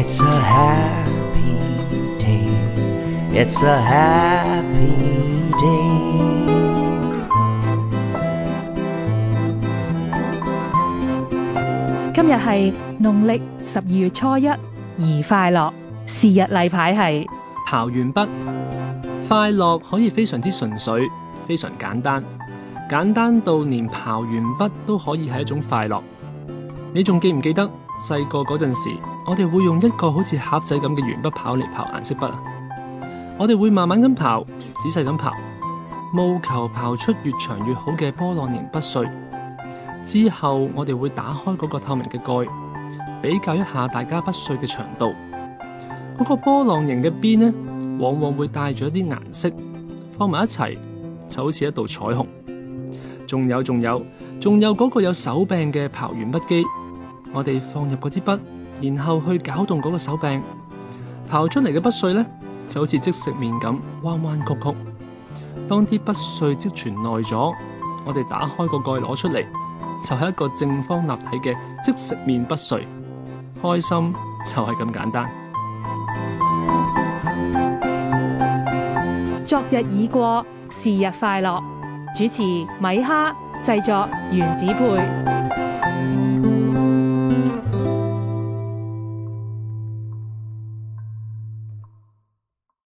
It's a happy day. It's a happy day. 今日係農曆十二月初一，宜快樂。是日例牌係刨鉛筆，快樂可以非常之純粹，非常簡單，簡單到連刨鉛筆都可以係一種快樂。你仲記唔記得？細個嗰陣時，我哋會用一個好似盒仔咁嘅鉛筆刨，嚟刨顏色筆啊！我哋會慢慢咁刨，仔細咁刨，務求刨出越長越好嘅波浪形筆碎。之後我哋會打開嗰個透明嘅蓋，比較一下大家筆碎嘅長度。嗰個波浪形嘅邊呢，往往會帶住一啲顏色，放埋一齊就好似一道彩虹。仲有仲有仲有嗰個有手柄嘅刨鉛筆機。我哋放入嗰支筆，然後去攪動嗰個手柄，刨出嚟嘅筆碎呢，就好似即食麵咁彎彎曲曲。當啲筆碎積存耐咗，我哋打開個蓋攞出嚟，就係、是、一個正方立體嘅即食麵筆碎。開心就係咁簡單。昨日已過，是日快樂。主持米哈，製作原子配。